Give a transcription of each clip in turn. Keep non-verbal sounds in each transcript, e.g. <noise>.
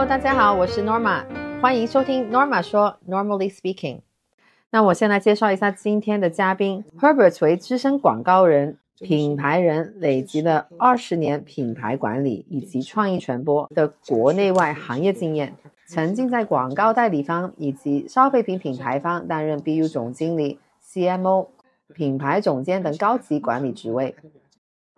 Hello, 大家好，我是 Norma，歡迎收聽 Norma 說 Normally Speaking。那我先來介紹一下今天的嘉賓 Herbert，為資深廣告人、品牌人累積了二十年品牌管理以及創意傳播的國內外行業經驗，曾經在廣告代理方以及消費品品牌方擔任 BU 總經理、CMO、品牌總監等高級管理職位。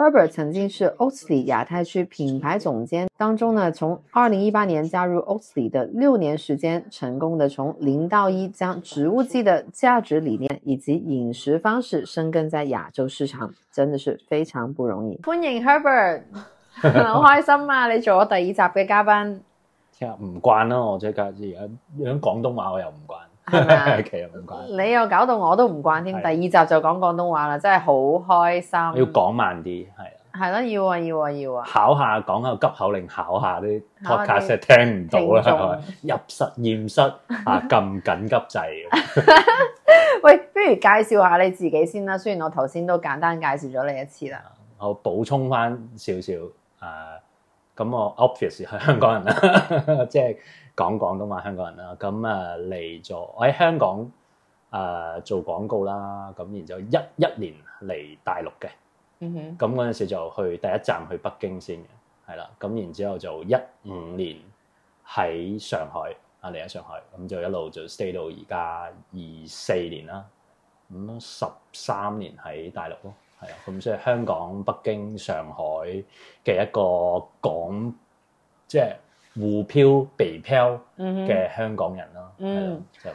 Herbert 曾經是 OATLY 亞太區品牌總監當中呢，從二零一八年加入 OATLY 的六年時間，成功的從零到一將植物基的價值理念以及飲食方式生根在亞洲市場，真的是非常不容易。歡迎 Herbert， <laughs> <laughs> 好開心啊！你做我第二集嘅嘉賓， <laughs> 其實唔慣咯，我即係而家用廣東話我又唔慣。係啊，你又搞到我都唔慣添， <laughs> 第二集就講廣東話啦，真係好開心。要講慢啲，係啊。係咯， <laughs> 要啊，要啊，要啊。考下講下急口令，考下啲 podcast，聽唔到啦， <laughs> 入實驗室，室啊咁緊急掣。喂，不如介紹下你自己先啦。雖然我頭先都簡單介紹咗你一次啦。 <laughs> 我補充翻少少啊，咁我 obvious 係香港人啦，即、嗯、係。嗯嗯嗯嗯嗯就是講廣東話香港人啦，咁啊，嚟咗，我喺香港誒、呃、做廣告啦，咁然之後一一年嚟大陸嘅，咁嗰陣時就去第一站去北京先嘅，係啦，咁然之後就一五年喺上海啊嚟喺上海，咁、啊嗯、就一路就 stay 到而家二四年啦，咁十三年喺大陸咯，係啊，咁、嗯、所以香港、北京、上海嘅一個廣即係。滬漂、北漂嘅香港人咯，係咯、嗯哼，就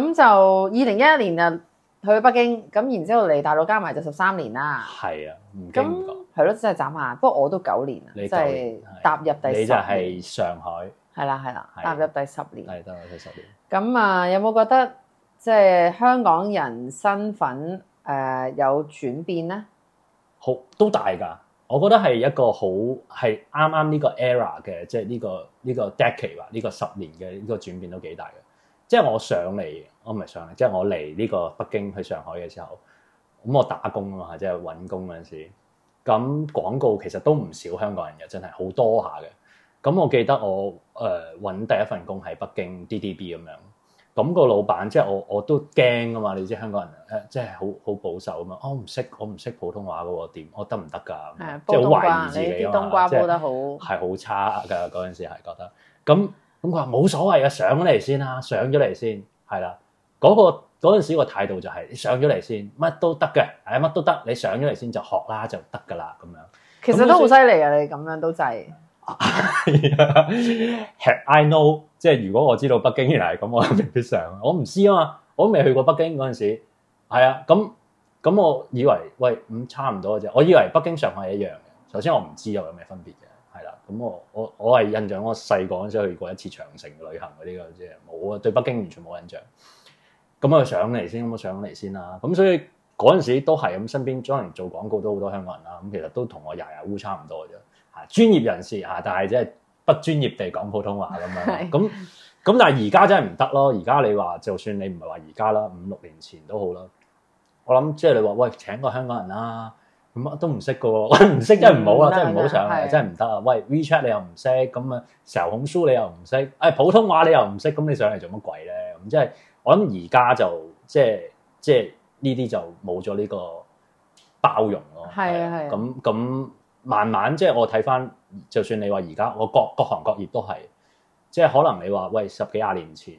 咁、是、咁就二零一一年就去北京，咁然之後嚟大陸加埋就十三年啦。係啊，咁係咯，真係斬下。不過我都九年，年，你即係踏入第十年，你就係上海，係啦係啦，踏入第十年，係踏入第十年。咁啊，有冇覺得即係、就是、香港人身份誒、呃、有轉變咧？好都大噶。我覺得係一個好係啱啱呢個 era 嘅，即係、呢、呢個呢、呢個 decade 啊，呢個十年嘅呢、呢個轉變都幾大嘅。即係我上嚟，我唔係上嚟，即係我嚟呢個北京去上海嘅時候，咁我打工啊，即係揾工嗰陣時，咁廣告其實都唔少香港人嘅，真係好多下嘅。咁我記得我誒揾、呃、第一份工喺北京 DDB 咁樣。咁個老闆即係我，我都驚啊嘛！你知香港人誒，即係好好保守啊嘛。我唔識，我唔識普通話嘅喎，點我得唔得㗎？誒，煲冬瓜，即係好懷疑自己嘛，你啲冬瓜煲得好，係好差嘅嗰陣時係覺得。咁咁佢話冇所謂啊，上嚟先啦，上咗嚟先係啦。嗰、嗰個嗰陣時個態度就係、你、上咗嚟先，乜都得嘅，誒乜都得，你上咗嚟先就學啦，就得㗎啦咁樣。其實都好犀利啊！你咁樣都制、就是。係 <laughs> 啊 Had I know，即係如果我知道北京原來係咁，我未必上。我唔知啊嘛，我都未去過北京嗰陣時，係啊。咁咁我以為喂，咁差唔多嘅啫。我以為北京上海一樣嘅。首先我唔知又有咩分別嘅，係啦，啊。咁我我我係印象，我細個嗰陣時去過一次長城旅行嗰啲嘅啫，冇啊，對北京完全冇印象。咁、嗯、我上嚟先，咁我上嚟先啦。咁所以嗰陣時都係咁，身邊 j o 做廣告都好多香港人啦。咁其實都同我牙牙烏差唔多嘅啫。專業人士啊，但係即係不專業地講普通話咁樣，咁咁但係而家真係唔得咯。而家你話就算你唔係話而家啦，五六年前都好啦。我諗即係你話喂，請個香港人啦，咁乜都唔識噶喎，唔識真係唔好啊，真係唔好上嚟。真係唔得啊。喂，WeChat 你又唔識，咁啊，成孔書你又唔識，誒，普通話你又唔識，咁你上嚟做乜鬼咧？咁即係我諗而家就即係即係呢啲就冇咗呢個包容咯。係啊係啊，咁咁。慢慢即係、就是、我睇翻，就算你話而家我各各行各業都係，即係可能你話喂十幾廿年前，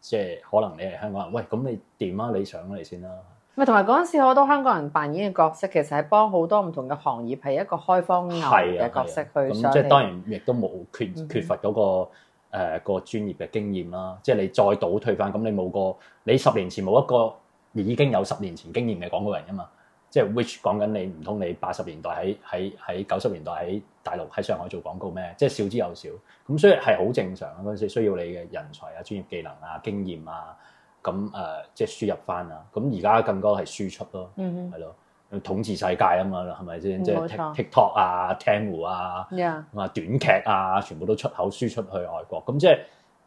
即係可能你係香港人，喂咁你點啊？你上嚟先啦、啊。咪同埋嗰陣時好多香港人扮演嘅角色，其實係幫好多唔同嘅行業係一個開荒嘅角色去上、啊啊、即係當然亦都冇缺缺乏嗰個誒、呃、個專業嘅經驗啦。即係你再倒退翻，咁你冇個你十年前冇一個已經有十年前經驗嘅廣告人啊嘛。即係 which 講緊你唔通你八十年代喺喺喺九十年代喺大陸喺上海做廣告咩？即係少之又少，咁所以係好正常嗰陣時需要你嘅人才啊、專業技能啊、經驗啊，咁誒、呃、即係輸入返啊。咁而家更多係輸出咯，係咯、嗯哼，統治世界啊嘛，係咪先？嗯、哼即係 TikTok 啊、Temu 啊，啊 Yeah. 短劇啊，全部都出口輸出去外國，咁即係。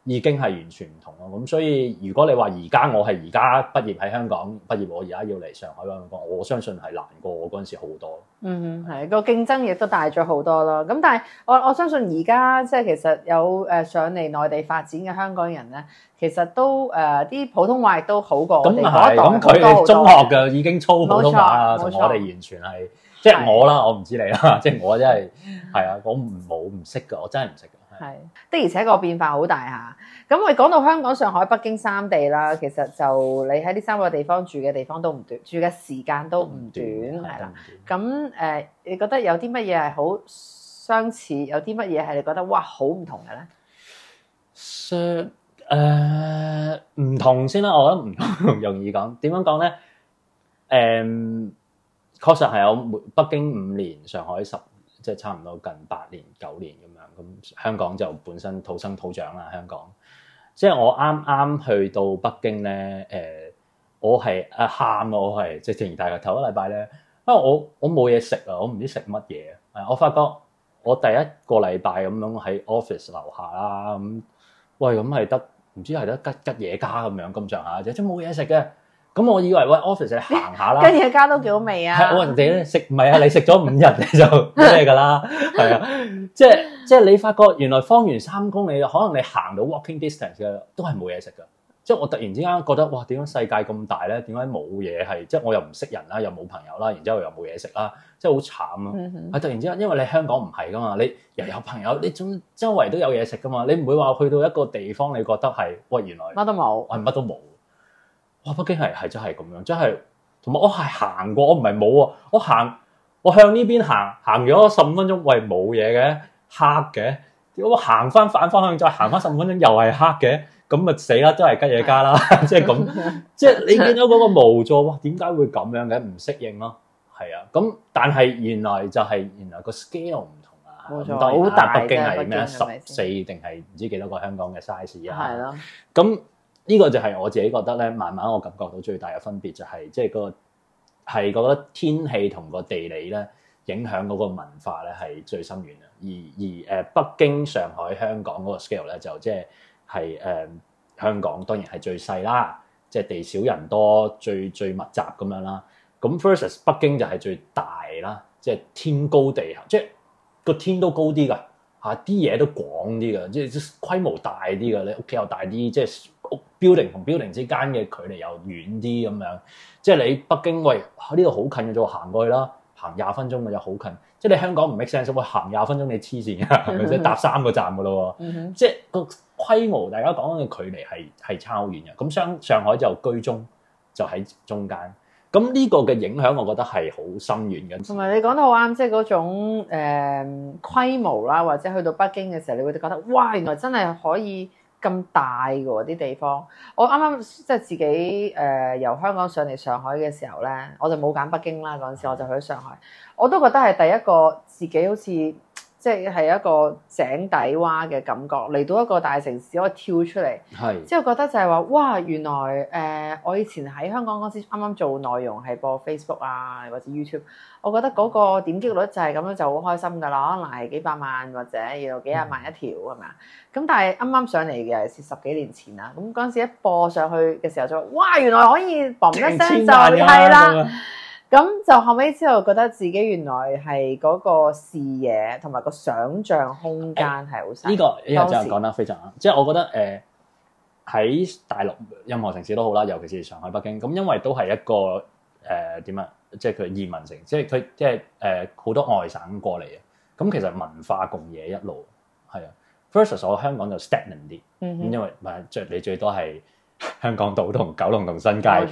已經係完全唔同咯，咁所以如果你話而家我係而家畢業喺香港畢業，我而家要嚟上海嗰邊，我相信係難過我嗰陣時好多咯。嗯哼，係個競爭亦都大咗好多咯。咁但係我我相信而家即係其實有誒上嚟內地發展嘅香港人咧，其實都誒啲、呃、普通話都好過我哋嗰一代。咁佢中學嘅已經操普通話啦，同冇錯我哋完全係冇錯即係我啦，我唔知你啦， <laughs> 即係我真係係啊，我冇唔識嘅，我真係唔識嘅。係，的，而且個變化好大吓，咁我講到香港、上海、北京三地啦，其實就你喺呢三個地方住嘅地方都唔短，住嘅時間都唔短，係啦。咁誒、呃、你覺得有啲乜嘢係好相似，有啲乜嘢係你覺得哇好唔同嘅咧？相誒唔同先啦，我覺得唔 <laughs> 容易講，點樣講咧？誒、呃、確實係有北京五年、上海十，即係差唔多近八年、九年咁。咁香港就本身土生土長啦，香港。即係我啱啱去到北京咧，誒、呃，我係啊喊我係即係正如大家頭一禮拜咧，因為我我冇嘢食啊，我唔知食乜嘢啊，我發覺我第一個禮拜咁樣喺 office 樓下啦，咁、嗯、喂咁係得唔知係得吉吉野家咁樣咁上下啫，即係冇嘢食嘅。咁我以為喂 office 你行下啦，跟住家都幾好味啊！我人哋食唔係啊，你食咗五日 <laughs> 你就咩㗎啦，係啊，即係即係你發覺原來方圓三公里，可能你行到 walking distance 嘅都係冇嘢食㗎。即係我突然之間覺得哇，點解世界咁大咧？點解冇嘢係？即係我又唔識人啦，又冇朋友啦，然之後又冇嘢食啦，即係好慘啊！嗯、哼突然之間，因為你香港唔係㗎嘛，你又有朋友，你仲周圍都有嘢食㗎嘛，你唔會話去到一個地方，你覺得係喂，原來乜都冇，係乜都冇。北京係係真係咁樣，真係同埋我係行過，我唔係冇啊！我行，我向呢邊行，行咗十五分鐘，喂，冇嘢嘅，黑嘅。如果我行翻反方向，再行翻十五分鐘，又係黑嘅。咁咪死啦，都係吉野家啦，即係咁，即係你見到嗰個無助，點解會咁樣嘅？唔適應咯，係啊。咁但係原來就係原來個 scale 唔同啊，冇錯，好大嘅。北京係咩？十四定係唔知幾多個香港嘅 size 啊？係咯，咁。嗯。呢個就係我自己覺得咧，慢慢我感覺到最大嘅分別就係，即係嗰個係覺得天氣同個地理咧影響嗰個文化咧係最深遠嘅。而而誒北京、上海、香港嗰個 scale 咧就即係係誒香港當然係最細啦，即係地少人多，最最密集咁樣啦。咁 versus 北京就係最大啦，即係天高地厚，即係個天都高啲嘅，嚇啲嘢都廣啲嘅，即係規模大啲嘅，你屋企又大啲，即係。building 同 building 之間嘅距離又遠啲咁樣，即係你北京喂呢度好近嘅就行過去啦，行廿分鐘嘅就好近。即係你香港唔 make sense 喎，行廿分鐘你黐線係咪？即 <laughs> 搭三個站嘅咯。 <laughs> 即係個規模，大家講嘅距離係係超遠嘅。咁上上海就居中，就喺中間。咁呢個嘅影響，我覺得係好深遠嘅。同埋你講得好啱，即係嗰種誒、呃、規模啦，或者去到北京嘅時候，你會覺得哇，原來真係可以。咁大嘅啲、啊、地方，我啱啱即係自己誒、呃、由香港上嚟上海嘅時候咧，我就冇揀北京啦嗰陣時，我就去咗上海，我都覺得係第一個自己好似。即係一個井底蛙嘅感覺，嚟到一個大城市，我跳出嚟，之後是覺得就係話，哇！原來誒、呃，我以前喺香港嗰時啱啱做內容係播 Facebook 啊，或者 YouTube，我覺得嗰個點擊率就係咁樣就好開心噶啦，可能係幾百萬或者要幾廿萬一條係咪啊？咁是但係啱啱上嚟嘅，是十幾年前啦，咁嗰陣時一播上去嘅時候就話，哇！原來可以嘣一聲就係啦。對咁就後尾之後覺得自己原來係嗰個視野同埋個想像空間係好細。呢、呃這個呢、這個就係講得非常啱。即係我覺得誒喺、呃、大陸任何城市都好啦，尤其是上海、北京。咁、嗯、因為都係一個誒點啊，即係佢移民城，即係佢即係誒好多外省過嚟嘅。咁、嗯、其實文化共野一路係啊。Ver、嗯、哼 sus 我香港就 steady 啲，因為唔係、嗯、哼最你最多係。香港島同九龍同新界嘅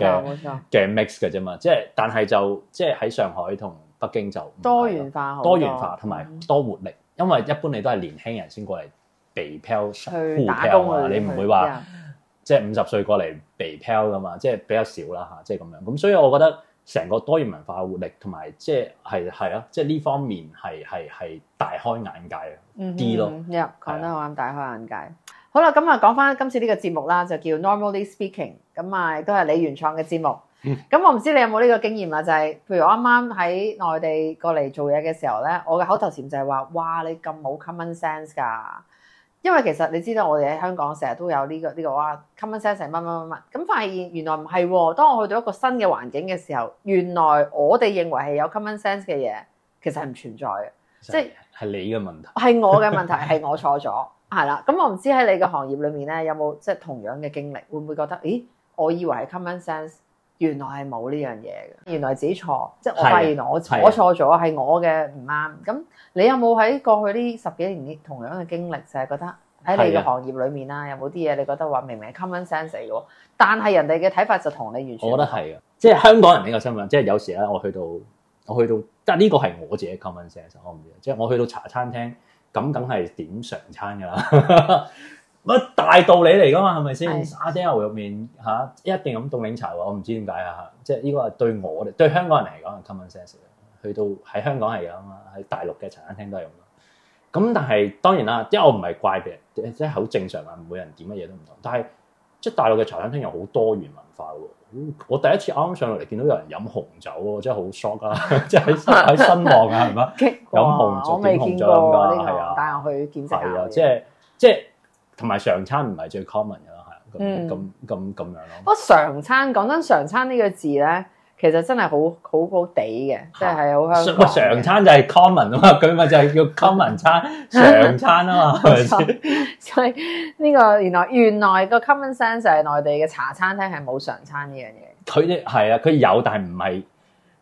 嘅 mix 嘅啫嘛，即係但係就即係喺上海同北京就多元化，多，多元化同埋多活力，因為一般你都係年輕人先過嚟北漂，去打工啊，你唔會話、嗯、即係五十歲過嚟北漂㗎嘛，即係比較少啦吓，即係咁樣。咁所以我覺得成個多元文化嘅活力同埋即係係係咯，即係呢方面係係係大開眼界啊，啲咯、嗯，講得好啱，大開眼界。好啦，咁啊，講翻今次呢個節目啦，就叫 Normally Speaking，咁啊，都係你原創嘅節目。咁我唔知你有冇呢個經驗啦，就係、是，譬如我啱啱喺內地過嚟做嘢嘅時候咧，我嘅口頭禪就係話，哇，你咁冇 common sense 噶，因為其實你知道我哋喺香港成日都有呢、呢個呢個哇 common sense 係乜乜乜乜，咁發現原來唔係，當我去到一個新嘅環境嘅時候，原來我哋認為係有 common sense 嘅嘢，其實係唔存在嘅，是即係係你嘅問題，係我嘅問題，係我錯咗。 <laughs> 係啦，咁 <music> 我唔知喺你嘅行業裏面咧，有冇即係同樣嘅經歷，會唔會覺得？咦，我以為係 common sense，原來係冇呢樣嘢嘅，原來自己錯，即係我發現我錯錯咗，係我嘅唔啱。咁你有冇喺過去呢十幾年同樣嘅經歷，就係覺得喺你嘅行業裏面啦，有冇啲嘢你覺得話明明係 common sense 嚟嘅，但係人哋嘅睇法就同你完全？我覺得係啊，即係香港人呢個身份，即係有時咧，我去到我去到，但係呢個係我自己 common sense，我唔知，即係我去到茶餐廳。咁梗係點常餐㗎啦，乜大道理嚟㗎嘛？係咪先？哎、呀沙爹牛肉麵嚇一定飲凍檸茶喎，我唔知點解啊！即係呢個係對我哋對香港人嚟講係 common sense，去到喺香港係咁啦，喺大陸嘅茶餐廳都係咁。咁但係當然啦，即係我唔係怪別人，即係好正常啊。每人點乜嘢都唔同，但係即係大陸嘅茶餐廳又好多元文化喎。我第一次啱啱上落嚟，見到有人飲紅酒喎，真係好 shock 啊！即係喺喺新旺啊，係嘛？ <laughs> 哇飲紅酒，點紅酒咁啊？係啊，帶我去檢測下。係啊，即係即係同埋常餐唔係最 common 嘅啦，係啊、嗯，咁咁咁咁樣咯。不過常餐講真，常餐個呢個字咧。其實真係好好好地嘅，即係好香、啊。常餐就係 common 啊嘛，佢咪 <laughs> 就係叫 common 餐、 <laughs> 常餐啊嘛。 <laughs> 冇錯 <laughs> 所以呢個原來原來個 common sense 係內地嘅茶餐廳係冇常餐呢樣嘢。佢哋係啊，佢有，但係唔係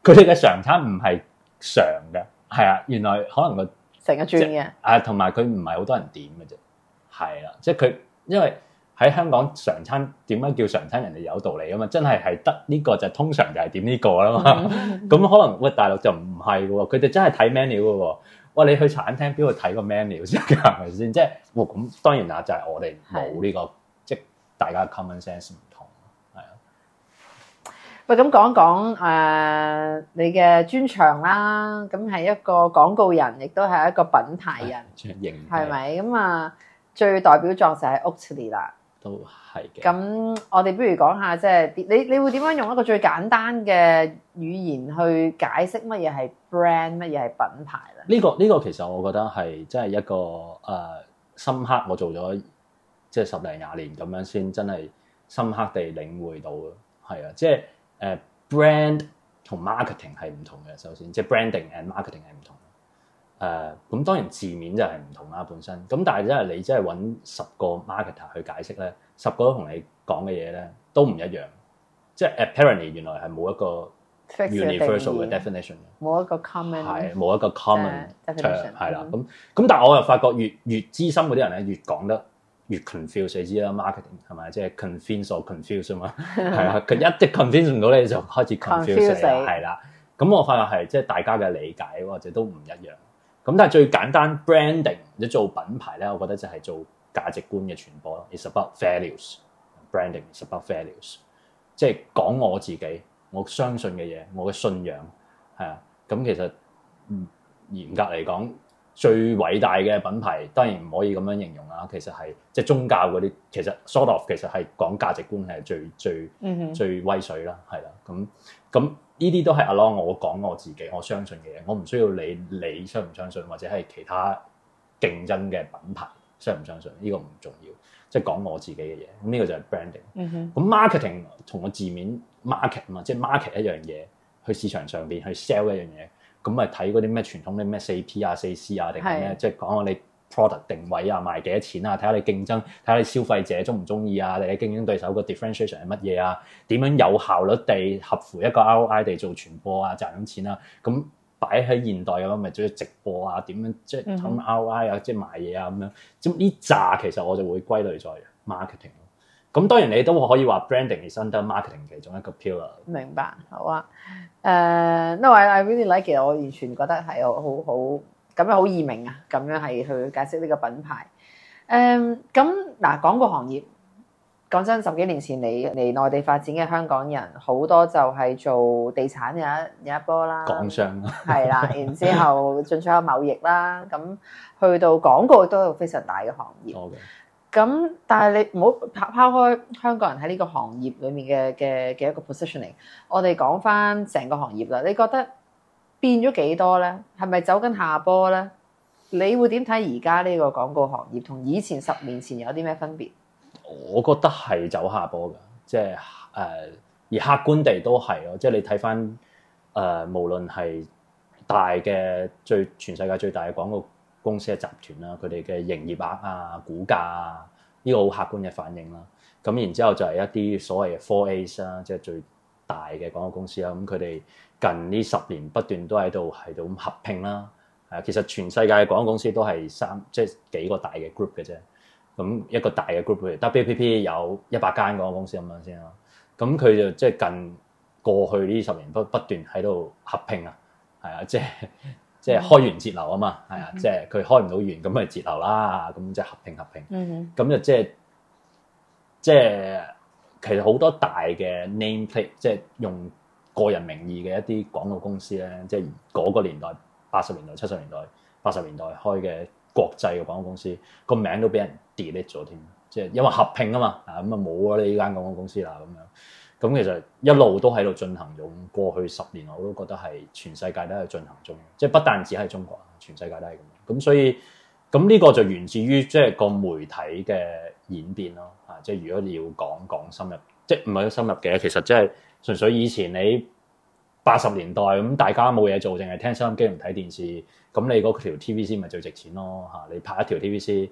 佢哋嘅常餐唔係常嘅，係啊。原來可能個成日轉嘅啊，同埋佢唔係好多人點嘅啫。係啦、啊，即係佢因為。喺香港常餐點樣叫常餐？人哋有道理啊嘛！真係係得呢個就係、通常就係點呢個啦嘛。咁 <laughs> 可能喂大陸就唔係喎，佢哋真係睇 menu 嘅喎。喂，你去茶餐廳邊度睇個 menu 先？係咪先？即係咁當然啦，就係、係、我哋冇呢個即係的大家 common sense 唔同，係啊。喂、哎，咁講講誒你嘅專長啦。咁係一個廣告人，亦都係一個品牌人，係咪咁啊？最代表作就係 OATLY 啦。都係嘅。咁我哋不如講下，即係你你會點樣用一個最簡單嘅語言去解釋乜嘢係 brand，乜嘢係品牌咧？呢個呢個其實我覺得係真係一個誒深刻。我做咗即係十零廿年咁樣先真係深刻地領會到係啊。即係誒 brand 同 marketing 係唔同嘅。首先，即係 branding and marketing 係唔同。誒咁、呃、當然字面就係唔同啦，本身咁但係真係你真係揾十個 marketer 去解釋咧，十個都同你講嘅嘢咧都唔一樣，即係 apparently 原來係冇一個 universal 嘅 definition 嘅，冇一個 common，係冇一個 common definition 係啦。咁咁、uh, definition, 但係我又發覺越越資深嗰啲人咧，越講得越 confuse 你知啦。Marketing 係咪即係 convince or confuse 啊嘛？係 <laughs> 啊，佢一直 convince 唔到咧，你就開始 confuse 係啦。 <laughs> 咁我發覺係即係大家嘅理解或者都唔一樣。咁但係最簡單 branding，即做品牌咧，我覺得就係做價值觀嘅傳播咯。It's about values，branding is about values。即係講我自己我相信嘅嘢，我嘅信仰係啊。咁、嗯、其實嚴格嚟講，最偉大嘅品牌當然唔可以咁樣形容啦。其實係即、就是、宗教嗰啲，其實 sort of 其實係講價值觀係最最、mm hmm. 最威水啦，係啦。咁、嗯、咁。嗯呢啲都係 alone 我講我自己，我相信嘅嘢，我唔需要理你你相唔相信，或者係其他競爭嘅品牌相唔相信，呢、這個唔重要。即係講我自己嘅嘢，咁、這、呢個就係 branding。咁、mm hmm. marketing 同個字面 market 啊嘛，即係 market 一樣嘢去市場上邊去 sell 一樣嘢，咁咪睇嗰啲咩傳統啲咩四 P 啊四 C 啊定係咩，即係講我你。product 定位啊，賣幾多錢啊，睇下你競爭，睇下你消費者鍾唔鍾意啊，你嘅競爭對手個 differentiation 係乜嘢啊，點樣有效率地合乎一個 ROI 地做傳播啊，賺咁錢啦、啊，咁擺喺現代咁咪主要直播啊，點樣即係諗 ROI 啊，即係賣嘢啊咁樣，咁呢扎其實我就會歸類在 marketing 咯。咁當然你都可以話 branding is under marketing 其中一個 pillar。明白，好啊。誒、uh,，No，I really like，it, 我完全覺得係好好。咁樣好易明啊！咁樣係去解釋呢個品牌。誒、um,，咁嗱廣告行業，講真，十幾年前嚟嚟內地發展嘅香港人，好多就係做地產嘅一,一一波啦，港商、啊。係啦，然之後進出口貿易啦，咁 <laughs> 去到廣告都係非常大嘅行業。咁 Okay.，但係你唔好拋拋開香港人喺呢個行業裡面嘅嘅嘅一個 positioning，我哋講翻成個行業啦。你覺得？變咗幾多咧？係咪走緊下坡咧？你會點睇而家呢個廣告行業同以前十年前有啲咩分別？我覺得係走下坡㗎，即係誒，而客觀地都係咯，即係你睇翻誒，無論係大嘅最全世界最大嘅廣告公司嘅集團啦，佢哋嘅營業額啊、股價啊，呢個好客觀嘅反應啦。咁然之後就係一啲所謂嘅 Four As 啦，即係最大嘅廣告公司啦，咁佢哋，近呢十年不斷都喺度係度咁合併啦，係啊，其實全世界嘅廣告公司都係三即係、就是、幾個大嘅 group 嘅啫。咁一個大嘅 group 譬如 WPP 有一百間廣告公司咁樣先啦。咁佢就即係近過去呢十年不不斷喺度合併啊，係啊，即係即係開源節流啊嘛，係啊，即係佢開唔到源，咁咪節流啦，咁即係合併合併。嗯咁、mm hmm. 就即係即係其實好多大嘅 nameplate 即係用。個人名義嘅一啲廣告公司咧，即係嗰個年代八十年代、七十年代、八十年代開嘅國際嘅廣告公司，個名都俾人 delete 咗添，即係因為合併啊嘛，啊咁啊冇啊呢間廣告公司啦咁樣。咁其實一路都喺度進行咗，過去十年我都覺得係全世界都係進行中，即係不但只係中國，全世界都係咁樣。咁所以咁呢個就源自於即係個媒體嘅演變咯，啊即係如果你要講講深入，即係唔係深入嘅，其實即係。純粹以前你八十年代咁大家冇嘢做，淨係聽收音機唔睇電視，咁你嗰條 TVC 咪最值錢咯嚇！你拍一條 TVC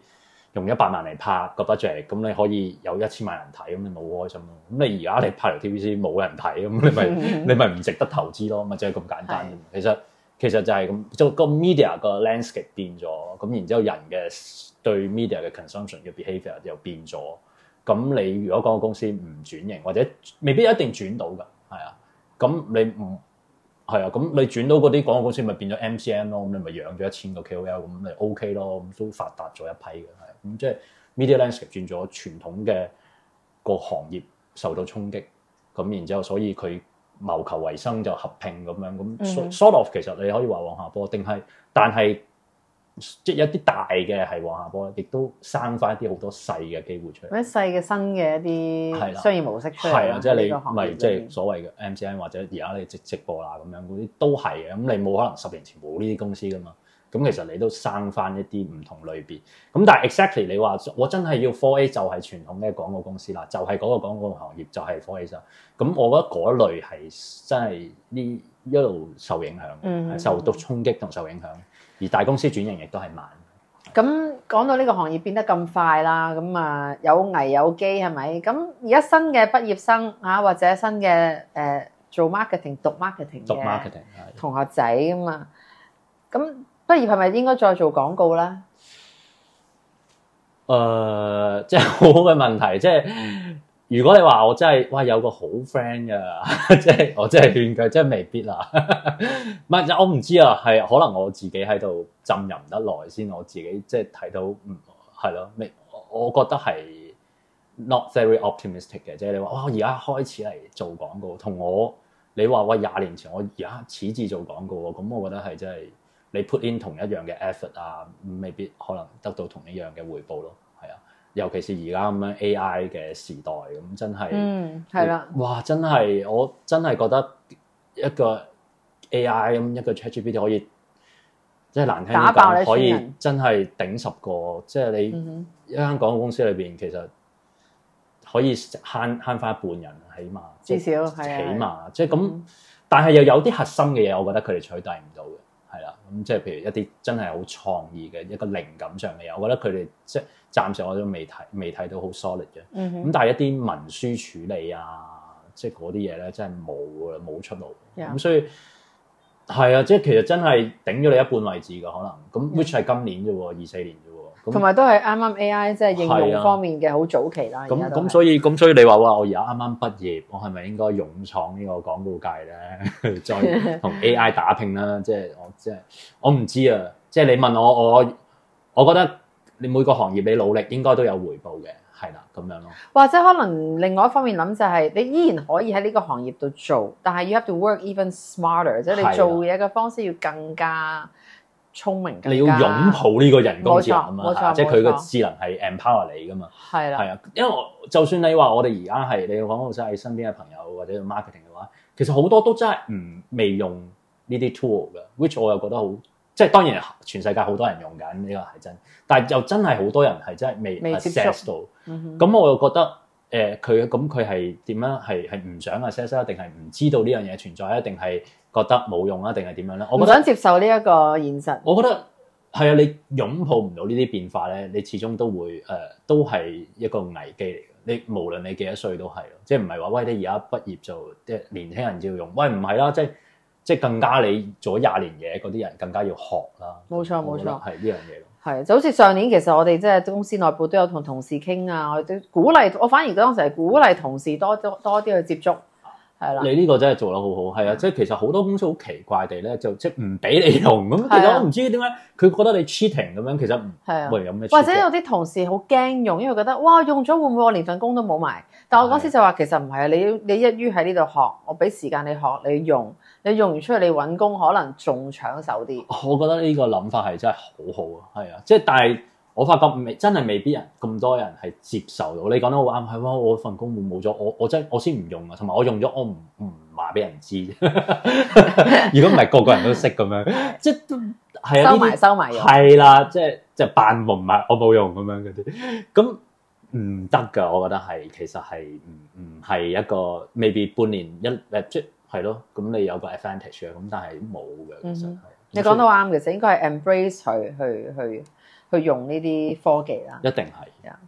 用一百萬嚟拍個 budget，咁你可以有一千萬人睇，咁你咪好開心咯！咁你而家你拍條 TVC 冇人睇，咁你咪你咪唔值得投資咯，咪就係咁簡單 <laughs> 其。其實其實就係咁，就個 media 個 landscape 變咗，咁然之後人嘅對 media 嘅 consumption 嘅 behavior 又變咗。咁你如果廣告公司唔轉型，或者未必一定轉到噶，係啊，咁你唔係啊，咁你轉到嗰啲廣告公司咪變咗 MCN 咯，咁你咪養咗一千個 KOL，咁咪 OK 咯，咁都發達咗一批嘅，係、啊，咁即係 media landscape 轉咗傳統嘅個行業受到衝擊，咁然之後所以佢謀求維生就合併咁樣，咁 sort of 其實你可以話往下坡，定係但係。即係有啲大嘅係往下坡，亦都生返一啲好多細嘅機會出嚟。嗰啲細嘅新嘅一啲商業模式出嚟，即係你唔係即係所謂嘅 MCN 或者而家你直直播啦咁樣嗰啲都係嘅。咁你冇可能十年前冇呢啲公司㗎嘛？咁其實你都生返一啲唔同類別。咁但係 exactly 你話我真係要 four A 就係傳統嘅廣告公司啦，就係、是、嗰個廣告行業就係、是、four A 商。咁我覺得嗰類係真係呢一路受影響，嗯、哼受到衝擊同受影響。而大公司轉型亦都係慢。咁講到呢個行業變得咁快啦，咁啊有危有機係咪？咁而家新嘅畢業生啊，或者新嘅誒做 marketing 讀 marketing 讀 Marketing、同學仔咁嘛？咁畢業係咪應該再做廣告啦？誒、呃，即係好好嘅問題，即係。如果你話我真係，哇有個好 friend 嘅、啊，即 <laughs> 係我真係勸佢，真係未必啦。唔 <laughs> 係，我唔知啊，係可能我自己喺度浸淫唔得耐，先我自己即係睇到，嗯，係咯，我覺得係 not very optimistic 嘅。即係你話，哇而家開始嚟做廣告，同我你話，哇廿年前我而家始至做廣告，咁、嗯、我覺得係真係你 put in 同一樣嘅 effort 啊、嗯，未必可能得到同一樣嘅回報咯。尤其是而家咁樣 AI 嘅時代，咁真係嗯，係啦，哇，真係我真係覺得一個 AI 咁一個 ChatGPT 可以，即係難聽啲講可以真係頂十個，即係你一間廣告公司裏邊其實可以慳慳翻一半人，起碼至少，起碼即係咁。但係又有啲核心嘅嘢，我覺得佢哋取代唔到嘅。係啦，咁即係譬如一啲真係好創意嘅一個靈感上嘅嘢，我覺得佢哋即係暫時我都未睇未睇到好 solid 嘅。咁、嗯、哼但係一啲文書處理啊，即係嗰啲嘢咧，真係冇啊，冇出路。係咁、嗯、所以係啊，即係其實真係頂咗你一半位置㗎，可能。咁 which 係、嗯、今年啫喎，二四年啫喎。同埋都係啱啱 AI 即係應用方面嘅好早期啦。咁咁的所以咁所以你話哇我而家啱啱畢業，我係咪應該勇闖呢個廣告界咧？ <laughs> 再同 AI 打拼啦，即、就、係、是即係我唔知啊！即係你問我，我我覺得你每個行業你努力應該都有回報嘅，係啦咁樣咯。或者可能另外一方面諗就係你依然可以喺呢個行業度做，但係 you have to work even smarter，的即係你做嘢嘅方式要更加聰明。的你要擁抱呢個人工智能啊，的即係佢嘅智能係 empower 你㗎嘛。係啦的，係啊，因為就算你話我哋而家係你講到即係身邊嘅朋友或者 marketing 嘅話，其實好多都真係唔未用。呢啲 tool 嘅，which 我又覺得好，即係當然全世界好多人用緊，呢、呢個係真。但係又真係好多人係真係未 access 到。咁、嗯、哼我又覺得誒，佢咁佢係點樣？係係唔想 access 啊？定係唔知道呢樣嘢存在？定係覺得冇用啊？定係點樣咧？我唔想接受呢一個現實。我覺得係啊，你擁抱唔到呢啲變化咧，你始終都會誒、呃，都係一個危機嚟。你無論你幾多歲都係咯，即係唔係話喂，你而家畢業就即係年輕人照用？喂，唔係啦，即係。即係更加你做咗廿年嘢嗰啲人，更加要學啦。冇錯，冇錯，係呢樣嘢。係就好似上年，其實我哋即係公司內部都有同同事傾啊，我鼓勵我反而當時係鼓勵同事多多啲去接觸，係啦。你呢個真係做得好好，係啊！即係係啊，其實好多公司好奇怪地咧，就即係唔俾你用咁。其實我唔知點解佢覺得你 cheating 咁樣，其實唔係。係啊，或者有啲同事好驚用，因為覺得哇，用咗會唔會我連份工都冇埋？但我嗰時就話，係啊，其實唔係啊，你你，你一於喺呢度學，我俾時間你學，你用。你用完出去，你揾工可能仲搶手啲。我覺得呢個諗法係真係好好啊，係啊，即係但係我發覺未真係未必人咁多人係接受到。你講得好啱，係我我份工會冇咗，我我真我先唔用啊，同埋我用咗我唔唔話俾人知。如果唔係個個人都識咁樣，即係收埋收埋嘢，係啦，即係即係扮唔咪我冇用咁樣嗰啲，咁唔得㗎。我覺得係其實係唔唔係一個未必半年一即。係咯，咁你有個 advantage 啊，咁但係冇嘅，其實你講到啱，其實應該係 embrace 去去去去用呢啲科技啦。一定係啊，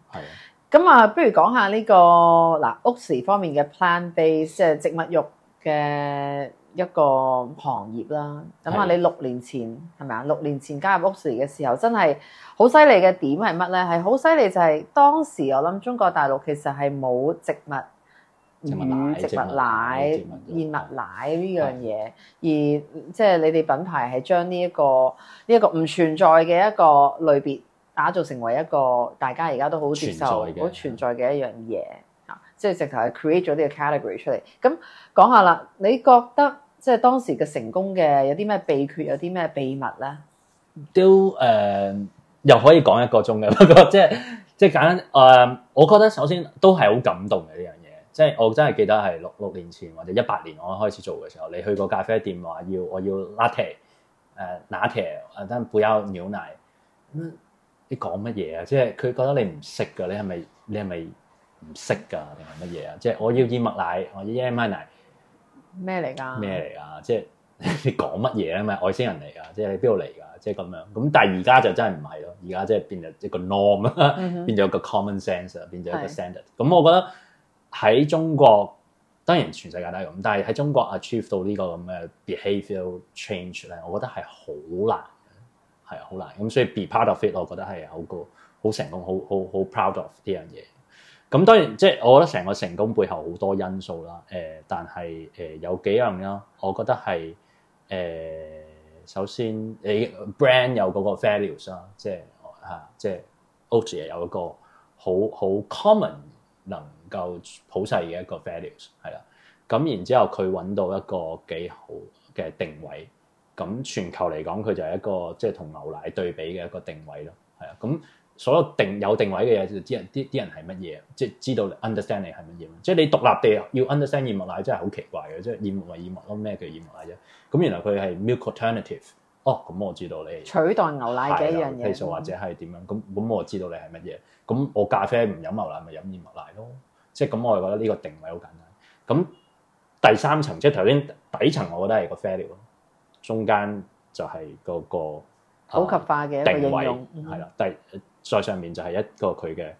咁啊 Yeah, 的，不如講下呢個嗱、呃，Oatly 方面嘅 plant base 即係植物肉嘅一個行業啦。咁啊，你六年前係咪啊？六年前加入 Oatly 嘅時候，真係好犀利嘅點係乜咧？係好犀利就係當時我諗中國大陸其實係冇植物。奶，植物奶、燕麥奶呢樣嘢，而即係你哋品牌係將呢一個呢一個唔存在嘅一個類別打造成為一個大家而家都好接受、好存在嘅一樣嘢，啊！即係直頭係 create 咗呢個 category 出嚟。咁講下啦，你覺得即係當時嘅成功嘅有啲咩秘訣，有啲咩秘密咧？都誒又可以講一個鐘嘅，不過即係即係簡單誒我覺得首先都係好感動嘅呢樣。即係我真係記得係六六年前或者一八年我開始做嘅時候，你去個咖啡店話要我要 latte 誒、呃、拿鐵誒，即係配有牛奶。嗯、你講乜嘢啊？即係佢覺得你唔識噶，你係咪你係咪唔識噶，定係乜嘢啊？即係我要燕麥奶，我要燕麥奶。咩嚟㗎？咩嚟㗎？即係你講乜嘢啊？咪外星人嚟㗎？即係邊度嚟㗎？即係咁樣。咁但係而家就真係唔係咯，而家即係變咗一個 norm 啦、嗯哼， <laughs> 變咗個 common sense 啊，變咗一個,個 standard 的。咁我覺得。喺中國當然全世界都係咁，但係喺中國 achieve 到呢個咁嘅 behavior change 咧，我覺得係好難，係啊好難，咁、嗯、所以 be part of it，我覺得係好個好成功，好好好 proud of 呢樣嘢。咁、嗯、當然即係我覺得成個成功背後好多因素啦。誒、呃，但係誒、呃、有幾樣咯，我覺得係誒、呃、首先你 brand 有個 values 啦、啊，即係吓、啊，即係 Oatly 有一個好好 common 能。夠普世嘅一個 values 係啦，咁然之後佢揾到一個幾好嘅定位，咁全球嚟講佢就係一個即係同牛奶對比嘅一個定位咯，係啊，咁所有定有定位嘅嘢，啲人啲啲人係乜嘢？即係知道你 understanding 係乜嘢？即係你獨立地要 understand 燕麥奶，真係好奇怪嘅，即係燕麥燕麥咯，咩叫燕麥奶啫？咁原來佢係 milk alternative，哦，咁我知道你取代牛奶嘅一樣嘢，或者係點樣？咁咁我知道你係乜嘢？咁我咖啡唔飲牛奶咪飲燕麥奶咯。即係咁，我係覺得呢個定位好簡單。咁第三層，即係頭先底層，我覺得係個 value 中間就係、嗰個普及化嘅定位，係啦。第再上面就係一個佢嘅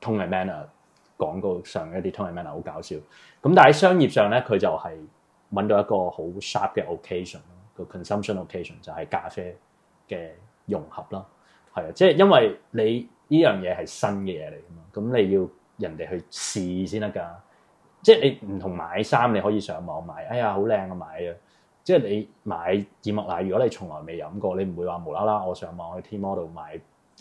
tone and manner，廣告上一啲 tone and manner 好搞笑。咁但係喺商業上咧，佢就係揾到一個好 sharp 嘅 occasion，個 consumption occasion 就係咖啡嘅融合啦。係啊，即係因為你呢樣嘢係新嘅嘢嚟㗎嘛，咁你要。人哋去試先得噶即係你唔同買衫，你可以上網買。哎呀，好靚啊，買啊！即係你買燕麥奶，如果你從來未飲過，你唔會話無啦啦，我上網去 Tmall 度買，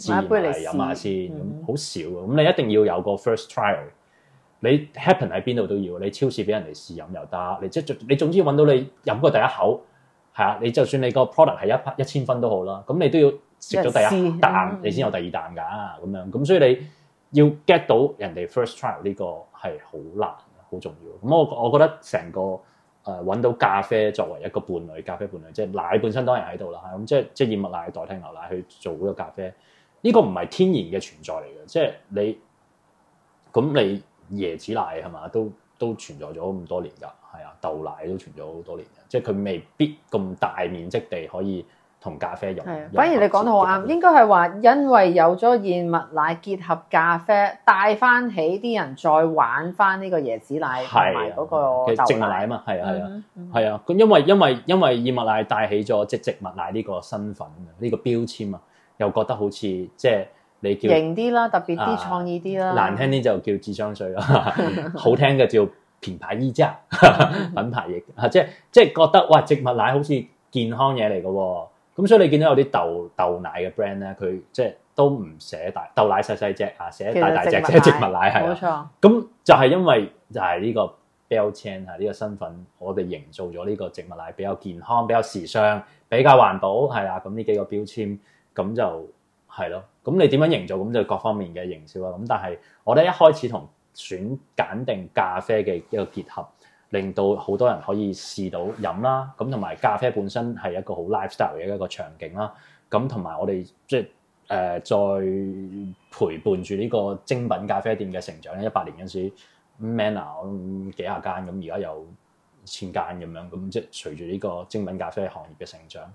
買杯嚟飲下先。好少嘅，咁你一定要有個 first trial。你 happen 喺邊度都要，你超市俾人哋試飲又得，你即係你總之揾到你飲過第一口，係啊！你就算你個 product 係一一千分都好啦，咁你都要食咗第一啖，嗯、你先有第二啖㗎。咁樣咁，所以你。要 get 到人哋 first trial 呢個係好難，好重要。咁我我覺得成個誒揾、呃、到咖啡作為一個伴侶，咖啡伴侶即係奶本身當然喺度啦。咁即係即係燕麥奶代替牛奶去做個咖啡，呢、呢個唔係天然嘅存在嚟嘅。即係你咁你椰子奶係嘛，都都存在咗咁多年㗎，係啊，豆奶都存咗好多年嘅，即係佢未必咁大面積地可以。同咖啡飲，啊、格反而你講得好啱，應該係話因為有咗燕麥奶結合咖啡，帶翻起啲人再玩翻呢個椰子奶同埋嗰個、啊、植物奶啊嘛，係啊，係啊，係、嗯、啊，咁因為因為因為燕麥奶帶起咗即植物奶呢個身份啊，呢、呢個標籤啊，又覺得好似即你叫型啲啦，特別啲創意啲啦、啊，難聽啲就叫智商稅啦， <laughs> 好聽嘅叫品牌 E 家品牌液啊，即即覺得哇，植物奶好似健康嘢嚟嘅喎。咁、嗯、所以你見到有啲豆豆奶嘅 brand 咧，佢即係都唔寫大豆奶細細隻啊，寫大大隻隻植物奶，冇、啊、錯。咁、嗯、就係、是、因為就係呢個標籤係呢個身份，我哋營造咗呢個植物奶比較健康、比較時尚、比較環保，係啦、啊。咁呢幾個標籤，咁就係咯。咁、啊、你點樣營造？咁就各方面嘅營銷啦。咁、嗯、但係我哋一開始同選揀定咖啡嘅一個結合。令到好多人可以試到飲啦，咁同埋咖啡本身係一個好 lifestyle 嘅一個場景啦。咁同埋我哋即係誒再陪伴住呢個精品咖啡店嘅成長，一八年嗰陣時，Manner 幾廿間，咁而家有千間咁樣，咁、嗯、即係隨住呢個精品咖啡行業嘅成長，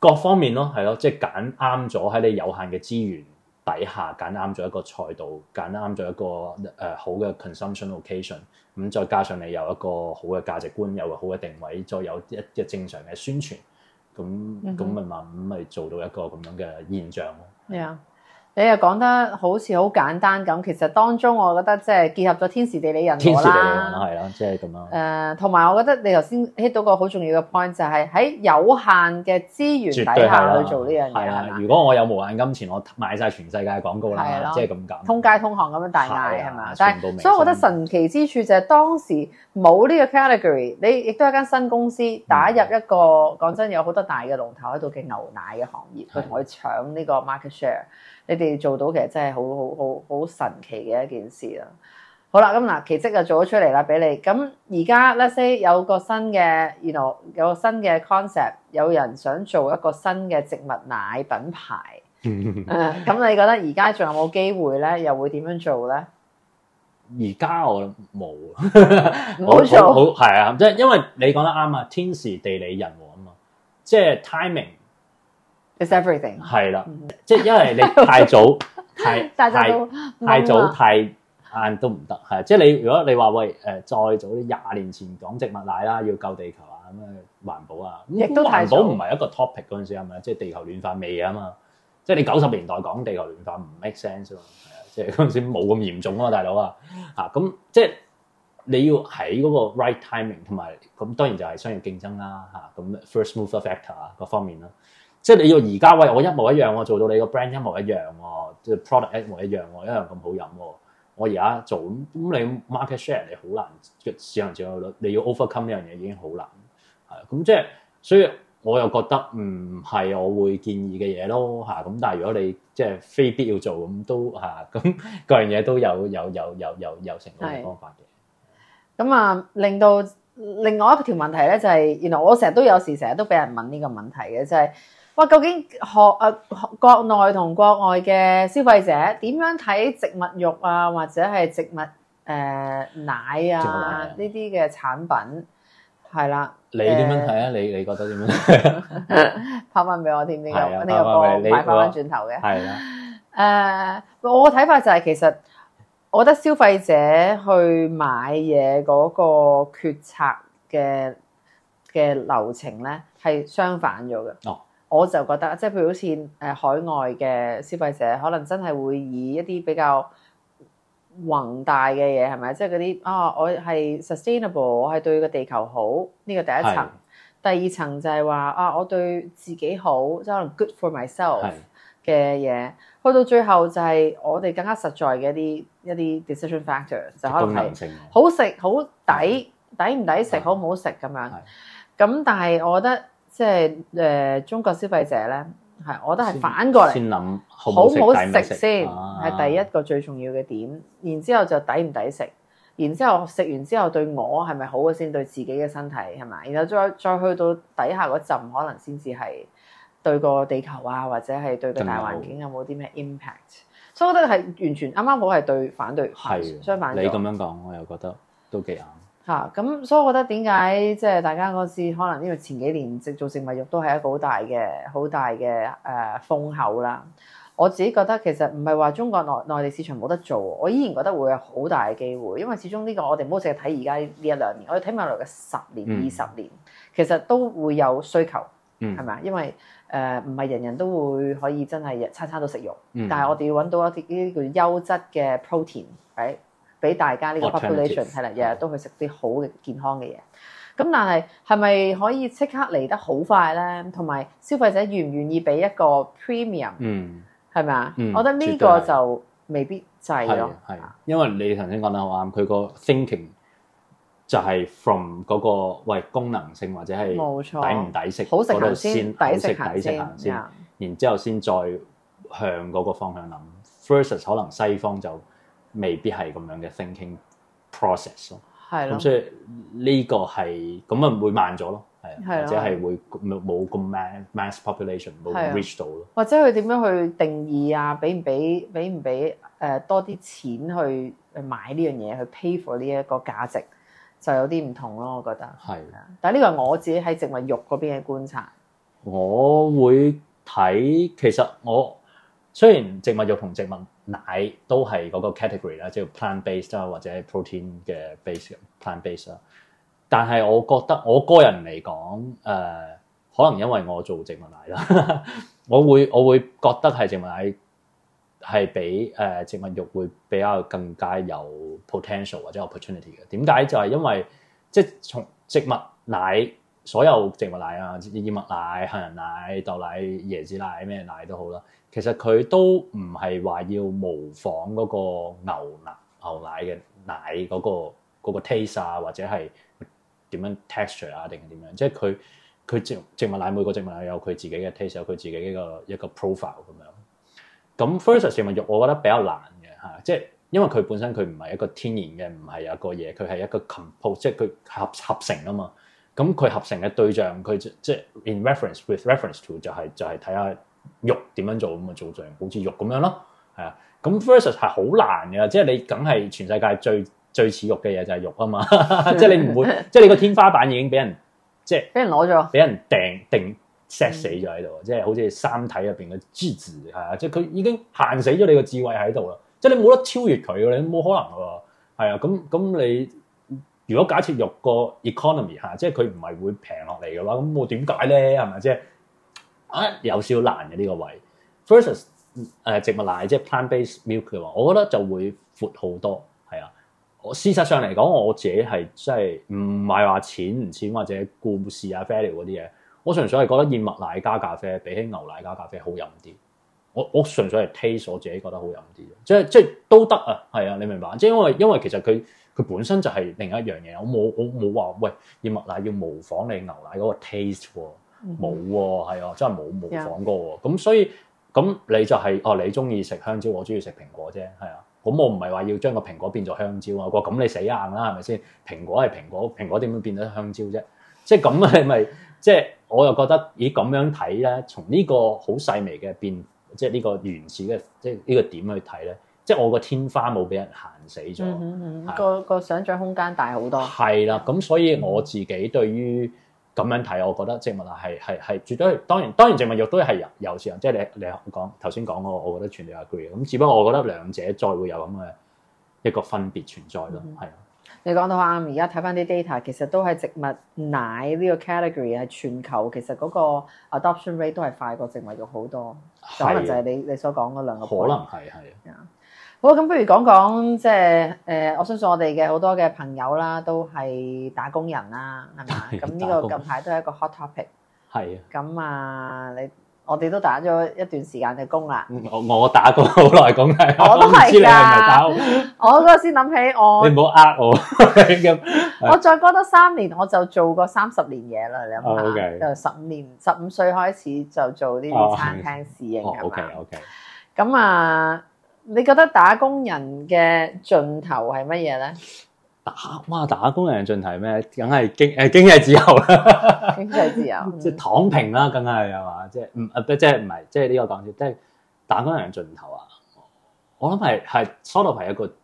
各方面咯，係咯，即係揀啱咗喺你有限嘅資源。底下揀啱咗一個賽道，揀啱咗一個誒、呃、好嘅 consumption location，咁再加上你有一個好嘅價值觀，有個好嘅定位，再有一啲正常嘅宣傳，咁咁咪慢慢咪做到一個咁樣嘅現象咯。Yeah. 你又講得好似好簡單咁，其實當中我覺得即係結合咗天時地利人和啦。天時地利，係啦，即係咁樣。誒，同埋我覺得你頭先 hit 到個好重要嘅 point，就係喺有限嘅資源底下去做呢樣嘢啦。如果我有無限金錢，我買晒全世界廣告啦，即係咁講，通街通巷咁樣大嗌係嘛？但係，所以我覺得神奇之處就係當時冇呢個 category，你亦都係間新公司，打入一個講真有好多大嘅龍頭喺度嘅牛奶嘅行業，去同佢搶呢個 market share。你哋做到其實真係好好好好神奇嘅一件事啦。好啦，咁嗱，奇蹟就做咗出嚟啦，俾你。咁而家，Let's say, 有個新嘅，原來 you know, 有個新嘅 concept，有人想做一個新嘅植物奶品牌。咁、 <laughs> 嗯、你覺得而家仲有冇機會咧？又會點樣做咧？而家我冇，冇唔好做，係啊， <laughs> 即係因為你講得啱啊，天時地利人和啊嘛，即係 timing。timing, 係啦，即係因為你太早， <laughs> 太 <laughs> 太，太早太晏都唔得，係即係你如果你話喂誒、呃、再早啲，廿年前講植物奶啦，要救地球啊咁啊環保啊，咁、嗯、環保唔係一個 topic 嗰陣時係咪？即係地球暖化未啊嘛？即係你九十年代講地球暖化唔 make sense 啊，係啊，即係嗰陣時冇咁嚴重啊，嘛，大佬啊，吓咁即係你要喺嗰個 right timing 同埋咁，當然就係商業競爭啦吓咁 first mover factor 啊各方面啦。即係你要而家喂我一模一樣，我做到你個 brand 一模一樣，即係 product 一模一樣喎，一樣咁好飲喎。我而家做咁，你 market share 你好難，市場佔有率，你要 overcome 呢樣嘢已經好難。係咁、嗯，即係所以我又覺得唔係、嗯、我會建議嘅嘢咯。嚇咁，但係如果你即係非必要做咁都嚇咁、啊，各樣嘢都有有有有有有成功嘅方法嘅。咁啊，令到另外一條問題咧就係、是，原來我成日都有時成日都俾人問呢個問題嘅，就係、是。究竟學誒、啊、國內同國外嘅消費者點樣睇植物肉啊，或者係植物誒、呃、奶啊呢啲嘅產品？係、嗯、啦，你點樣睇啊？你你覺得點樣？拍翻俾我添，你又你又講翻轉頭嘅。係啦，誒，我嘅睇法就係、是、其實我覺得消費者去買嘢嗰個決策嘅嘅流程咧係相反咗嘅。哦。我就覺得，即係譬如好似誒海外嘅消費者，可能真係會以一啲比較宏大嘅嘢，係咪？即係嗰啲啊，我係 sustainable，我係對個地球好，呢個第一層。第二層就係話啊，我對自己好，即係可能 good for myself 嘅嘢。去到最後就係我哋更加實在嘅一啲一啲 decision factor，就可能係好食好抵，抵唔抵食，好唔好食咁樣。咁但係我覺得。即係誒、呃、中國消費者咧，係我都係反過嚟，先諗好唔好食先係、啊、第一個最重要嘅點，然之後就抵唔抵食，然之後食完之後對我係咪好嘅先，對自己嘅身體係咪，然後再再去到底下嗰陣，可能先至係對個地球啊，或者係對個大環境有冇啲咩 impact。所以我覺得係完全啱啱好係對反對反對，的相反。你咁樣講我又覺得都幾啱。啊，咁所以我覺得點解即係大家嗰時可能因為前幾年做食做植物肉都係一個好大嘅好大嘅誒、呃、風口啦。我自己覺得其實唔係話中國內內地市場冇得做，我依然覺得會有好大嘅機會，因為始終呢個我哋唔好淨係睇而家呢一兩年，我哋睇埋來嘅十年、二十、嗯、年，其實都會有需求，係咪啊？因為誒唔係人人都會可以真係日餐餐都食肉，嗯、但係我哋要揾到一啲叫個優質嘅 protein，right? 俾大家呢個 population 係啦，日日都去食啲好嘅健康嘅嘢。咁但係係咪可以即刻嚟得好快咧？同埋消費者願唔願意俾一個 premium？嗯，係咪啊？嗯，我覺得呢個就未必制咯。係因為你頭先講得好啱，佢個 thinking 就係 from 嗰個喂功能性或者係冇錯，抵唔抵食？好食先，抵食抵食行先，然之後先再向嗰個方向諗。First 可能西方就未必係咁樣嘅 thinking process 咯的，係咯，咁所以呢個係咁啊唔會慢咗咯，係，的或者係會冇咁個 mass mass population 冇 reach 到咯，或者佢點樣去定義啊，俾唔俾俾唔俾誒多啲錢去買呢樣嘢，去 pay for 呢一個價值，就有啲唔同咯，我覺得係，的但係呢個係我自己喺植物肉嗰邊嘅觀察，我會睇，其實我雖然植物肉同植物奶都係嗰個 category 啦，即係 plant based 啦，或者 protein 嘅 base plant based 啦。但係我覺得我個人嚟講，誒、呃、可能因為我做植物奶啦， <laughs> 我會我會覺得係植物奶係比誒植物肉會比較更加有 potential 或者 opportunity 嘅。點解就係、是、因為即係從植物奶。所有植物奶啊，燕麥奶、杏仁奶、豆奶、椰子奶，咩奶都好啦。其實佢都唔係話要模仿嗰個牛奶、牛奶嘅奶嗰個嗰個 taste 啊，或者係點樣 texture 啊，定係點樣，即係佢佢植植物奶每個植物奶有佢自己嘅 taste，有佢自己一個一個 profile 咁樣，咁 first 植物肉，我覺得比較難嘅吓，即係因為佢本身佢唔係一個天然嘅，唔係有一個嘢，佢係一個 compose 即係佢合合成啊嘛。咁佢合成嘅對象，佢、就是、即即 in reference with reference to 就係、是、就係、是、睇下肉點樣做咁啊，做成好似肉咁樣咯，係啊。咁 versus 係好難嘅，即係你梗係全世界最最似肉嘅嘢就係肉啊嘛。哈哈啊即係你唔會，啊、即係你個天花板已經俾人即係俾人攞咗，俾人掟，掟，set 死咗喺度，即係好似三體入邊嘅 G 字係啊，即係佢已經限死咗你個智慧喺度啦。即係你冇得超越佢，你冇可能喎。係啊，咁咁、啊、你。如果假設肉個 economy 嚇，即係佢唔係會平落嚟嘅話，咁我點解咧？係咪即係啊？有少少難嘅呢、呢個位。First、呃、植物奶即係 plant based milk 嘅話，我覺得就會闊好多。係啊，我事實上嚟講，我自己係真係唔係話錢唔錢或者故事啊 value 嗰啲嘢，我純粹係覺得燕麥奶加咖啡比起牛奶加咖啡好飲啲。我我純粹係 taste 我自己覺得好飲啲即係即係都得啊。係啊，你明白？即係因為因為其實佢。佢本身就係另一樣嘢，我冇我冇話喂，燕麥奶要模仿你牛奶嗰個 taste 喎、哦，冇喎、嗯，啊，真係冇模仿過喎。咁、嗯、所以咁你就係、是、哦，你中意食香蕉，我中意食蘋果啫，係啊。咁我唔係話要將個蘋果變做香蕉啊個，咁你死硬啦，係咪先？蘋果係蘋果，蘋果點會變到香蕉啫？即係咁，係咪即係我又覺得咦咁樣睇咧，從呢個好細微嘅變，即係呢個原始嘅，即係呢個點去睇咧？即係我個天花冇俾人行死咗、嗯嗯的，個個想象空間大好多。係啦，咁所以我自己對於咁樣睇，我覺得植物係係係絕對，當然當然植物肉都係有有時候。即係你你講頭先講嗰個，我覺得全兩句嘢。咁只不過我覺得兩者再會有咁嘅一個分別存在咯，係啊。你講到啱，而家睇翻啲 data，其實都係植物奶呢個 category 係全球其實嗰個 adoption rate 都係快過植物肉好多，就的可能就係你你所講嗰兩個可能係係。好啊，咁不如講講即係誒、呃，我相信我哋嘅好多嘅朋友啦，都係打工人啦，係嘛？咁呢工個近排都係一個 hot topic 的。係啊。咁啊，你我哋都打咗一段時間嘅工啦。我我打工好耐，講真我都係噶。 <laughs> 我嗰個先諗起我。你唔好呃我。 <laughs> <laughs> <laughs> 我再過多三年，我就做過三十年嘢啦。你諗下。Oh, okay. 就十五年，十五歲開始就做呢啲餐廳侍應，o k 咁啊。你覺得打工人嘅盡頭係乜嘢咧？打哇，打工人嘅盡頭係咩？梗係經誒經濟自由啦， <laughs> 經濟自由、嗯、即係躺平啦，梗係係嘛？即係唔即係唔係即係呢個講法？即係打工人嘅盡頭啊！我諗係係 startup 係一個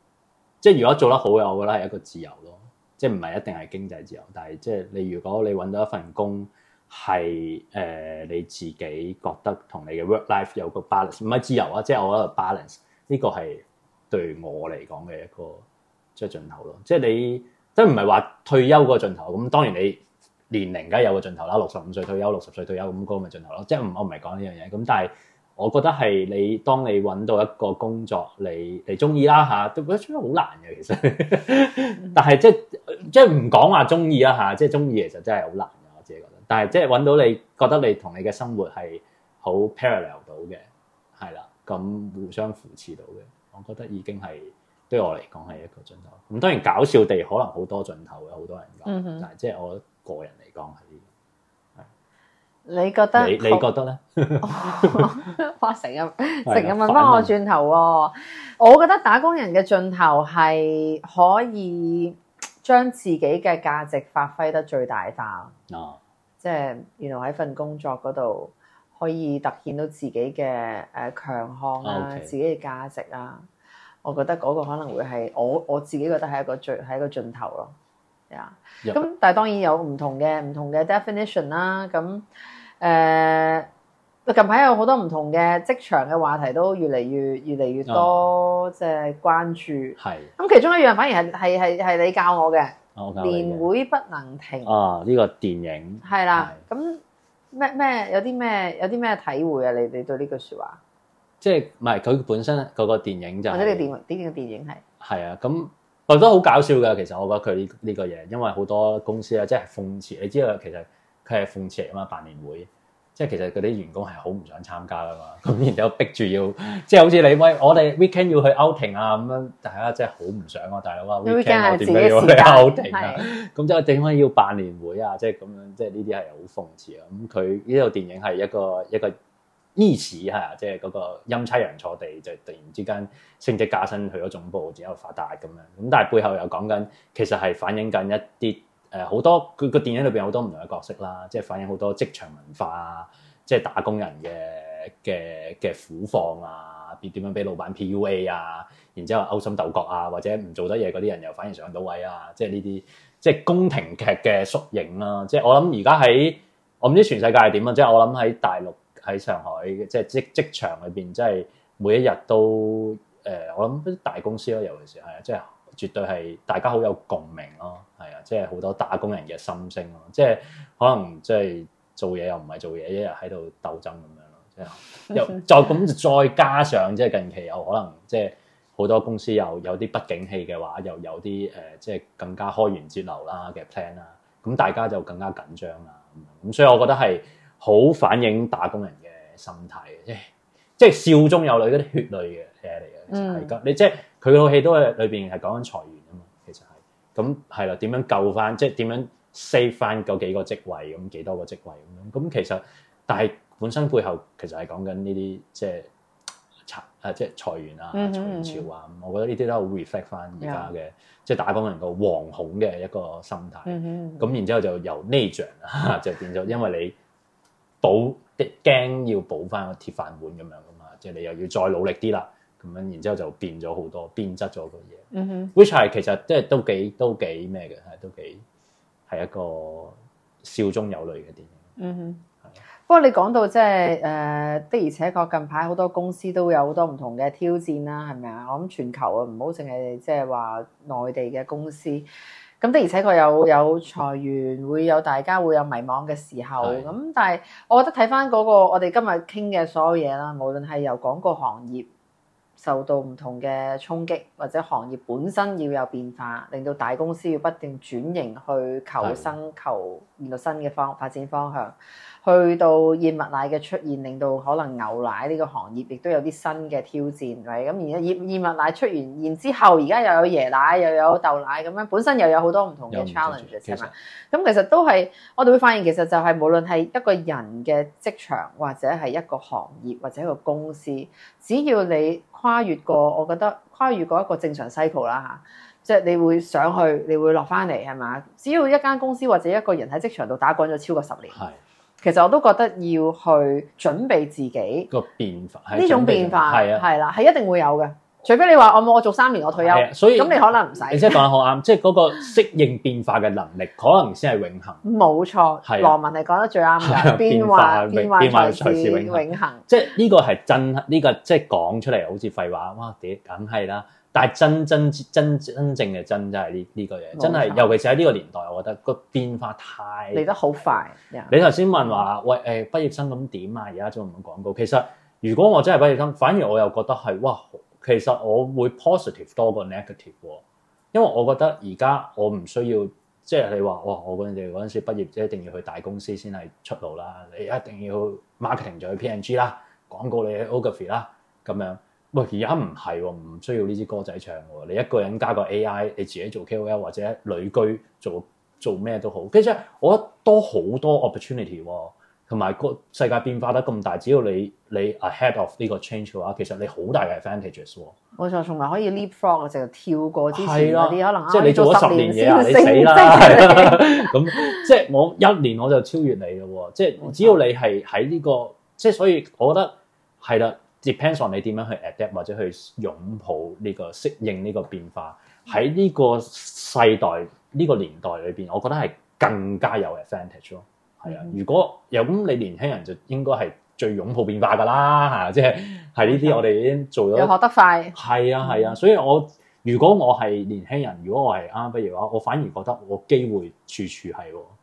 即係如果做得好有嘅啦，我覺得係一個自由咯。即係唔係一定係經濟自由，但係即係你如果你搵到一份工係誒、呃、你自己覺得同你嘅 work life 有個 balance 唔係自由啊，即係我覺得。balance。呢個係對我嚟講嘅一個即係盡頭咯，即係你都唔係話退休個盡頭，咁當然你年齡梗係有個盡頭啦，六十五歲退休，六十歲退休咁高個咪盡頭咯。即係唔我唔係講呢樣嘢，咁但係我覺得係你當你揾到一個工作，你你中意啦嚇，都覺得出嚟好難嘅其實，但係即即係唔講話中意啦嚇，即係中意其實真係好難嘅，我自己覺得。但係即係揾到你覺得你同你嘅生活係好 parallel 到嘅，係啦。咁互相扶持到嘅，我覺得已經係對我嚟講係一個盡頭。咁當然搞笑地，可能好多盡頭嘅好多人講，嗯、哼但係即係我個人嚟講係呢個。你覺得？你好你覺得呢？ <laughs> 回我成日成日問翻我轉頭喎，我覺得打工人嘅盡頭係可以將自己嘅價值發揮得最大化。啊！即係原來喺份工作嗰度。可以突顯到自己嘅誒強項啊，Okay. 自己嘅價值啊。我覺得嗰個可能會係我我自己覺得係一個盡係一個盡頭咯。係啊，咁但係當然有唔同嘅唔同嘅 definition 啦。咁誒、呃、近排有好多唔同嘅職場嘅話題都越嚟越越嚟越多即係關注。係。咁其中一樣反而係係係你教我嘅。年、oh, okay. 會不能停。啊！呢個電影。係啦。咁是。嗯咩咩有啲咩有啲咩體會啊？你你對呢句說話，即係唔係佢本身嗰個電影就係、或者個電？呢個電影係係啊，咁我覺得好搞笑噶。其實我覺得佢呢、呢個嘢、呢個，因為好多公司咧，即係諷刺。你知道其實佢係諷刺啊嘛，辦年會。即係其實嗰啲員工係好唔想參加噶嘛，咁然之後逼住要，即係好似你喂我哋 weekend 要去 outing 啊咁樣，大家真係好唔想啊，大佬 week 啊 weekend 係自己時間 outing 啊，咁即就點解要辦年會啊？即係咁樣，即係呢啲係好諷刺啊！咁佢呢套電影係一個一個呢史啊，即係嗰個陰差陽錯地就突然之間升職加薪去咗總部，之後發達咁樣。咁但係背後又講緊，其實係反映緊一啲。誒好多佢個電影裏邊有好多唔同嘅角色啦，即係反映好多職場文化，啊，即係打工人嘅嘅嘅苦況啊，點樣俾老闆 PUA 啊，然之後勾心鬥角啊，或者唔做得嘢嗰啲人又反而上到位啊，即係呢啲即係宮廷劇嘅縮影啦。即係我諗而家喺我唔知全世界係點啊？即係我諗喺大陸喺上海，即係職職場裏邊，即係每一日都誒、呃，我諗啲大公司咯，尤其是係啊即係。絕對係大家好有共鳴咯，係啊，即係好多打工人嘅心聲咯，即係可能即係做嘢又唔係做嘢，一日喺度鬥爭咁樣咯，即又就咁 <laughs> 再，再加上即係近期有可能即係好多公司又有啲不景氣嘅話，又有啲誒、呃、即係更加開源節流啦嘅 plan 啦，咁大家就更加緊張喇，咁所以我覺得係好反映打工人嘅心態嘅，即係即係笑中有淚嗰啲血淚嘅嘢嚟嘅，係㗎、嗯就是，你即係。佢套戲都係裏邊係講緊裁員啊嘛，其實係咁係啦，點樣救翻即係點樣 save 翻嗰幾個職位咁幾、嗯、多個職位咁樣，咁其實但係本身背後其實係講緊呢啲即係裁啊即係裁員啊裁員潮啊，我覺得呢啲都好 reflect 翻而家嘅即係打工人個惶恐嘅一個心態。咁然之後就由 nature 就變咗，因為你補啲驚要補翻個鐵飯碗咁樣噶嘛，即係你又要再努力啲啦。咁樣，然之後就變咗好多，變質咗個嘢。Mm hmm. Which 係其實即係都幾都幾咩嘅，係都幾係一個笑中有淚嘅點。嗯哼、mm。Hmm. 是不過你講到即係誒，的而且確近排好多公司都有好多唔同嘅挑戰啦，係咪啊？我諗全球啊，唔好淨係即係話內地嘅公司。咁的而且確有有裁員，會有大家會有迷茫嘅時候。咁 <laughs> 但係我覺得睇翻嗰個我哋今日傾嘅所有嘢啦，無論係由廣告行業。受到唔同嘅衝擊，或者行業本身要有變化，令到大公司要不斷轉型去求生、是的 求面對新嘅方發展方向。去到燕麥奶嘅出現，令到可能牛奶呢個行業亦都有啲新嘅挑戰。咁、嗯、而家燕燕麥奶出完然之後，而家又有椰奶又有豆奶咁樣，本身又有好多唔同嘅 challenges 嘛。咁其，其實都係我哋會發現，其實就係無論係一個人嘅職場，或者係一個行業或者一個公司，只要你跨越過，我覺得跨越過一個正常西 y c 啦嚇，即係你會上去，你會落翻嚟係嘛？只要一間公司或者一個人喺職場度打滾咗超過十年，其實我都覺得要去準備自己個變化，呢種變化係是啊，啊，係啦，係一定會有嘅。除非你話我冇我做三年我退休，啊、所以咁你可能唔使。你先講得好啱，即係嗰個適應變化嘅能力，可能先係永恆。冇錯，是啊、羅文係講得最啱㗎、啊。變化隨時永恆，變化隨時永恆即係呢個係真，呢、呢個即係講出嚟好似廢話。哇！屌梗係啦。但係真真真真正嘅真，真係呢呢個嘢，真係冇錯，尤其是喺呢個年代，我覺得個變化太嚟得好快。Yeah, 你頭先問話喂誒、欸、畢業生咁點啊？而家仲做唔做廣告？其實如果我真係畢業生，反而我又覺得係哇，其實我會 positive 多過 negative 喎、啊。因為我覺得而家我唔需要即係、就是、你話哇，我嗰陣時嗰陣畢業一定要去大公司先係出路啦。你一定要 marketing 就去 P&G 啦，廣告你去 Ogilvy 啦，咁樣。喂，而家唔係喎，唔需要呢支歌仔唱喎，你一個人加個 AI，你自己做 KOL 或者旅居做做咩都好，其實我覺得多好多 opportunity 喎，同埋個世界變化得咁大，只要你你 ahead of 呢個 change 嘅話，其實你好大嘅 advantages 喎。冇錯，同埋可以 Leapfrog 就係跳過之前嗰啲，的可能即係你做咗十年嘢啊，你死啦！咁即係我一年我就超越你咯，即係只要你係喺呢個，即係所以我覺得係啦。Depends on 你點樣去 adapt 或者去擁抱呢個適應呢個變化，喺呢個世代呢個年代裏邊，我覺得係更加有 advantage 咯。係啊，如果有咁，你年輕人就應該係最擁抱變化噶啦嚇，即係係呢啲我哋已經做咗、啊、又學得快係啊，係啊，啊，所以我如果我係年輕人，如果我係啱、啊、不如嘅話我反而覺得我機會處處係喎、哦。